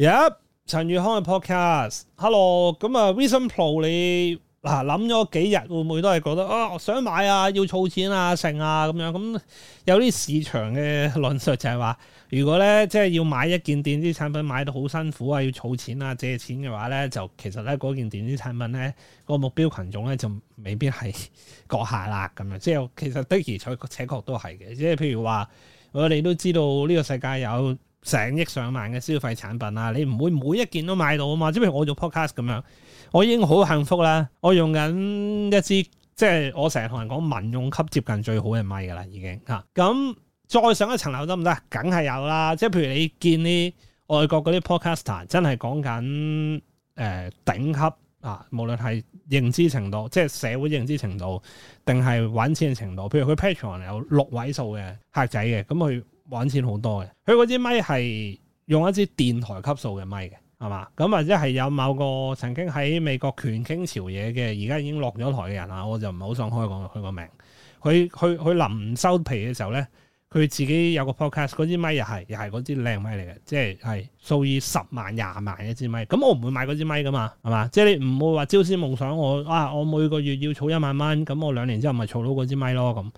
而、yep, 家陳宇康嘅 podcast，hello，咁啊，Vision Pro 你嗱諗咗幾日，會唔會都係覺得啊，想買啊，要儲錢啊，剩啊咁樣？咁、嗯、有啲市場嘅論述就係話，如果咧即係要買一件電子產品買到好辛苦啊，要儲錢啊、借錢嘅話咧，就其實咧嗰件電子產品咧，個目標群眾咧就未必係閣下啦咁樣。即係其實的而且確都係嘅。即係譬如話，我哋都知道呢個世界有，成億上萬嘅消費產品啊，你唔會每一件都買到啊嘛？即係譬如我做 podcast 咁樣，我已經好幸福啦。我用緊一支，即係我成日同人講民用級接近最好嘅咪㗎啦，已經嚇。咁再上一層樓得唔得？梗係有啦。即係譬如你見啲外國嗰啲 podcaster 真係講緊誒頂級啊，無論係認知程度，即係社會認知程度，定係玩錢程度。譬如佢 Patreon 有六位數嘅客仔嘅，咁佢。玩錢好多嘅，佢嗰支咪係用一支電台級數嘅咪嘅，係嘛？咁或者係有某個曾經喺美國權傾朝野嘅，而家已經落咗台嘅人啊，我就唔好想開講佢個名。佢佢佢臨收皮嘅時候咧，佢自己有個 podcast，嗰支咪又係又係嗰支靚咪嚟嘅，即係係數以十萬、廿萬一支咪。咁我唔會買嗰支咪噶嘛，係嘛？即係你唔會話朝思夢想我啊！我每個月要儲一萬蚊，咁我兩年之後咪儲到嗰支咪，咪咯咁。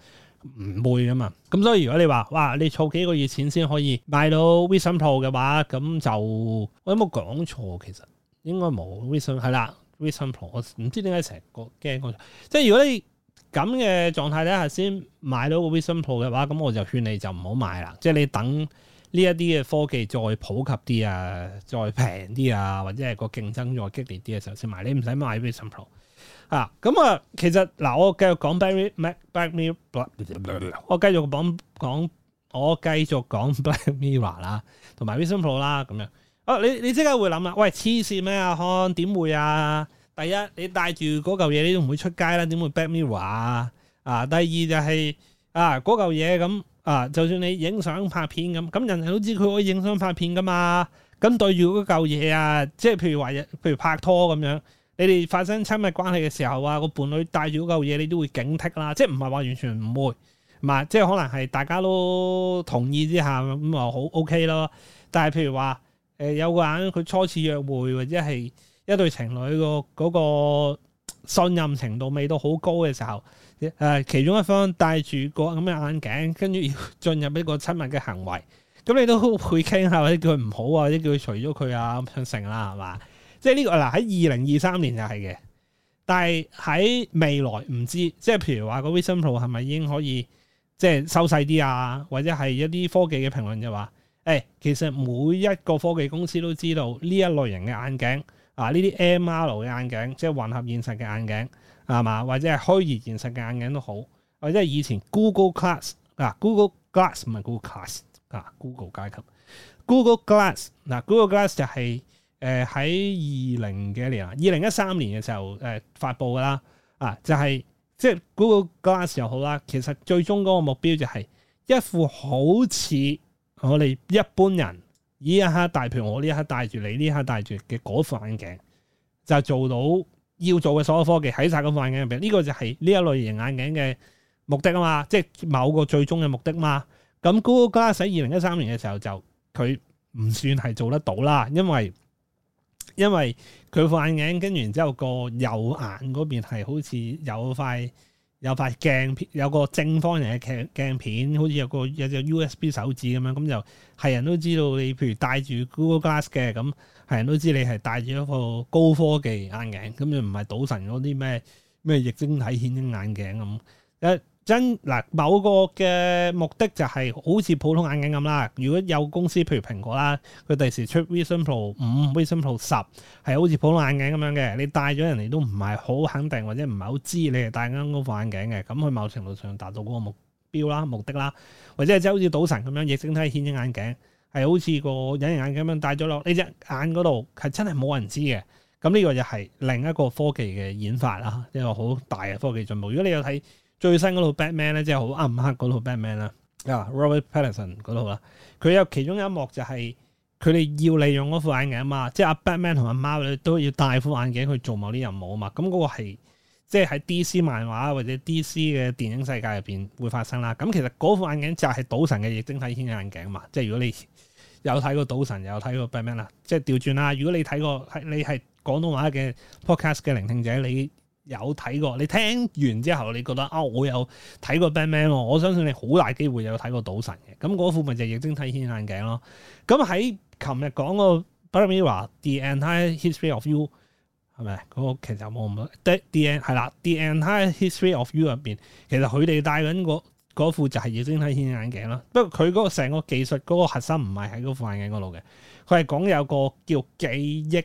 唔會啊嘛，咁所以如果你話哇，你儲幾個月錢先可以買到 Vision Pro 嘅話，咁就我有冇講錯？其實應該冇 Vision，係啦 Vision Pro，我唔知點解成日個驚嗰，即係如果你咁嘅狀態底下先買到個 Vision Pro 嘅話，咁我就勸你就唔好買啦，即係你等。呢一啲嘅科技再普及啲啊，再平啲啊，或者係個競爭再激烈啲嘅時候買，先埋你唔使買 Vision Pro 啊。咁、嗯、啊，其實嗱，我繼續講 Black Mirror，我繼續講我繼續講 Black Mirror 啦，同埋 Vision Pro 啦，咁樣。哦、啊，你你即刻會諗啊：「喂黐線咩啊？看點會啊？第一，你帶住嗰嚿嘢，你都唔會出街啦，點會 Black Mirror 啊？啊，第二就係、是、啊嗰嚿嘢咁。啊！就算你影相拍片咁，咁人人都知佢可以影相拍片噶嘛。咁對住嗰嚿嘢啊，即係譬如話，譬如拍拖咁樣，你哋發生親密關係嘅時候啊，個伴侶帶住嗰嚿嘢，你都會警惕啦。即係唔係話完全唔會，唔係即係可能係大家都同意之下咁啊，好 OK 咯。但係譬如話，誒有個人佢初次約會或者係一對情侶個嗰個信任程度未到好高嘅時候。誒，其中一方戴住個咁嘅眼鏡，跟住要進入一個親密嘅行為，咁你都會傾下，或者叫佢唔好啊，或者叫佢除咗佢啊，唔成啦，係嘛？就是這個就是？即係呢個嗱，喺二零二三年就係嘅，但係喺未來唔知，即係譬如話，那個 Vision Pro 係咪已經可以即係收細啲啊？或者係一啲科技嘅評論就話，誒、哎，其實每一個科技公司都知道呢一類型嘅眼鏡啊，呢啲 MR 嘅眼鏡，即係混合現實嘅眼鏡。啊嘛，或者係虛擬現實嘅眼鏡都好，或者係以前 Google Glass 啊，Google Glass 唔係 Google Glass 啊，Google 階級，Google Glass 嗱，Google Glass 就係誒喺二零幾年，年、呃、啊，二零一三年嘅時候誒發佈噶啦，啊就係即係 Google Glass 又好啦，其實最終嗰個目標就係一副好似我哋一般人呢一刻戴，譬如我呢一刻戴住，你呢一刻戴住嘅嗰副眼鏡，就做到。要做嘅所有嘅科技喺晒個眼鏡入邊，呢個就係呢一類型眼鏡嘅目的啊嘛，即係某個最終嘅目的嘛。咁 Google Glass 二零一三年嘅時候就佢唔算係做得到啦，因為因為佢副眼鏡跟完之後個右眼嗰邊係好似有塊。有塊鏡片，有個正方形嘅鏡鏡片，好似有個有隻 USB 手指咁樣，咁就係人都知道你，譬如戴住 Google Glass 嘅，咁係人都知你係戴住一個高科技眼鏡，咁就唔係賭神嗰啲咩咩液晶體顯影眼鏡咁一。真嗱、啊，某個嘅目的就係好似普通眼鏡咁啦。如果有公司，譬如蘋果啦，佢第時出 Vision Pro 五、Vision Pro 十，係好似普通眼鏡咁樣嘅。你戴咗人哋都唔係好肯定，或者唔係好知你係戴緊嗰副眼鏡嘅。咁佢某程度上達到嗰個目標啦、目的啦，或者即係好似賭神咁樣，液晶體顯影眼鏡係好似個隱形眼鏡咁樣戴咗落你隻眼嗰度，係真係冇人知嘅。咁呢個就係另一個科技嘅演發啦，就是、一個好大嘅科技進步。如果你有睇。最新嗰套 Batman 咧，即係好暗黑嗰套 Batman 啦，Robert Pattinson 嗰套啦，佢有其中一幕就係佢哋要利用嗰副眼鏡啊嘛，即係阿 Batman 同阿貓女都要戴副眼鏡去做某啲任務啊嘛，咁、那、嗰個係即係喺 DC 漫畫或者 DC 嘅電影世界入面會發生啦。咁其實嗰副眼鏡就係《賭神》嘅液晶體顯影嘅眼鏡啊嘛，即、就、係、是、如果你有睇過《賭神》，有睇過 Batman 啦，即係調轉啦。如果你睇過你係廣東話嘅 Podcast 嘅聆聽者，你。有睇過，你聽完之後你覺得啊、哦，我有睇過 Batman 喎，我相信你好大機會有睇過《賭神》嘅，咁嗰副咪就係液晶體顯眼鏡咯。咁喺琴日講個 Black Mirror 話 The Entire History of You 係咪？嗰、那個其實冇咁多啦，The Entire History of You 入面，其實佢哋戴緊嗰副就係液晶體顯眼鏡囉。不過佢嗰個成個技術嗰、那個核心唔係喺副眼鏡嗰度嘅，佢係講有個叫記憶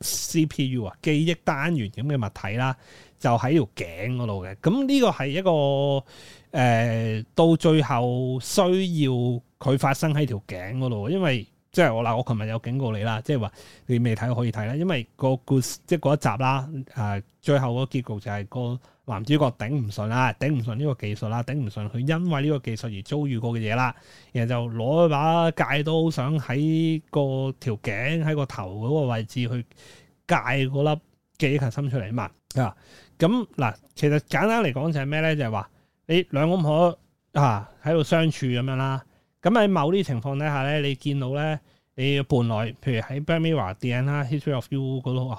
C P U 啊，記憶單元咁嘅物體啦，就喺條頸嗰度嘅。咁呢個係一個誒、呃，到最後需要佢發生喺條頸嗰度，因為即係我嗱，我琴日有警告你啦，即係話你未睇可以睇啦，因為個故事，即係嗰一集啦，誒，最後個結局就係、個。男主角頂唔順啦，頂唔順呢個技術啦，頂唔順佢因為呢個技術而遭遇過嘅嘢啦，然後就攞把戒刀想，想喺個條頸喺個頭嗰個位置去戒嗰粒記憶核心出嚟啊嘛，咁、yeah. 嗱、嗯，其實簡單嚟講就係咩咧，就係、是、話你兩公婆啊喺度相處咁樣啦，咁喺某啲情況底下咧，你見到咧你伴侶，譬如喺 Black Mirror 啦，History of You 嗰度啊。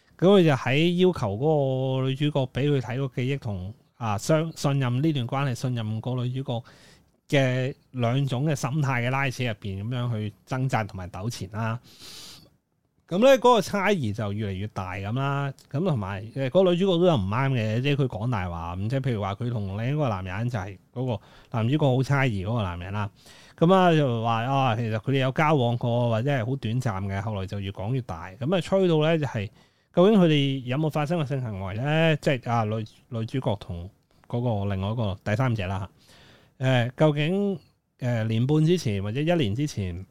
咁佢就喺要求嗰個女主角俾佢睇個記憶同啊相信任呢段關係，信任，信任個女主角嘅兩種嘅心態嘅拉扯入邊，咁樣去掙扎同埋糾纏啦。咁咧嗰個差異就越嚟越大咁啦。咁同埋誒，個女主角都有唔啱嘅，即係佢講大話咁，即係譬如話佢同另一個男人就係嗰個男主角好猜疑嗰個男人啦。咁啊就話啊，其實佢哋有交往過或者係好短暫嘅，後來就越講越大，咁啊吹到咧就係、是。究竟佢哋有冇發生過性行為咧？即係啊，女女主角同嗰、嗰個另外一個第三者啦吓。誒，究竟誒、呃、年半之前或者一年之前，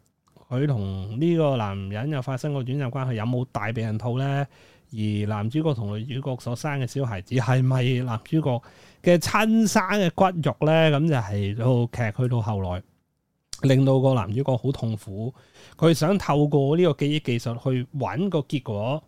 佢同呢個男人又發生過轉接關係，有冇戴避孕套咧？而男主角同女主角所生嘅小孩子係咪男主角嘅親生嘅骨肉咧？咁就係套劇去到後來，令到個男主角好痛苦，佢想透過呢個記憶技術去揾個結果。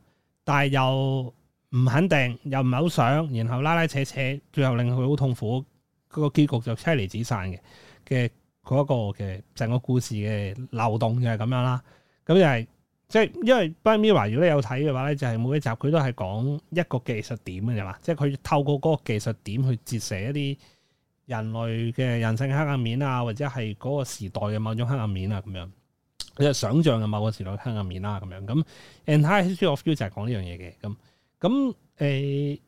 但係又唔肯定，又唔係好想，然後拉拉扯扯，最後令佢好痛苦。嗰、那個結局就妻離子散嘅嘅嗰一個嘅成個故事嘅漏洞就係咁樣啦。咁又係即係因為《Black Mirror》如果你有睇嘅話咧，就係、是、每一集佢都係講一個技術點嘅啫嘛。即係佢透過嗰個技術點去折射一啲人類嘅人性黑暗面啊，或者係嗰個時代嘅某種黑暗面啊，咁樣。你就是、想象啊，某個時代香入面啦，咁樣咁。Entire History of You 就係講呢樣嘢嘅，咁咁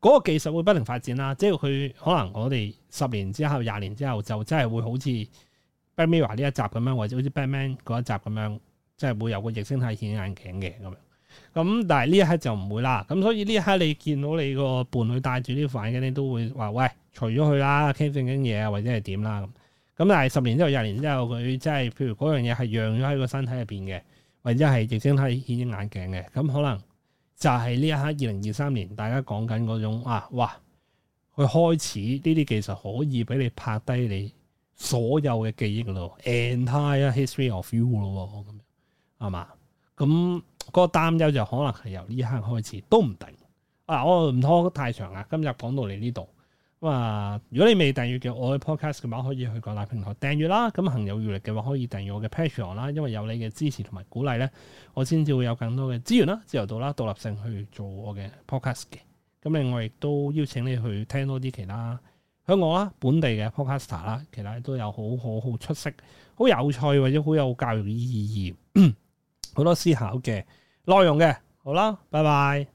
嗰個技術會不停發展啦，即係佢可能我哋十年之後、廿年之後就真係會好似 Batman 呢一集咁樣，或者好似 Batman 嗰一集咁樣，即、就、係、是、會有個液晶體顯眼鏡嘅咁樣。咁但係呢一刻就唔會啦。咁所以呢一刻你見到你個伴侶帶住呢塊嘅，你都會話喂，除咗佢啦，傾正經嘢啊，或者係點啦咁。咁但係十年之後、廿年之後，佢即係譬如嗰樣嘢係讓咗喺個身體入面嘅，或者係液晶體顯影眼鏡嘅，咁可能就係呢一刻二零二三年，大家講緊嗰種啊，哇！佢開始呢啲技術可以俾你拍低你所有嘅記憶咯，entire history of you 咯，咁樣係嘛？咁嗰個擔憂就可能係由呢一刻開始，都唔定。啊我唔拖太長啦，今日講到你呢度。咁啊，如果你未訂閱嘅我嘅 podcast 嘅話，可以去各大平台訂閱啦。咁行有餘力嘅話，可以訂閱我嘅 patreon 啦。因為有你嘅支持同埋鼓勵咧，我先至會有更多嘅資源啦，自由度啦，獨立性去做我嘅 podcast 嘅。咁另外亦都邀請你去聽多啲其他香港啦、本地嘅 podcaster 啦，其他都有好好好出色、好有趣或者好有教育意義、好多思考嘅內容嘅。好啦，拜拜。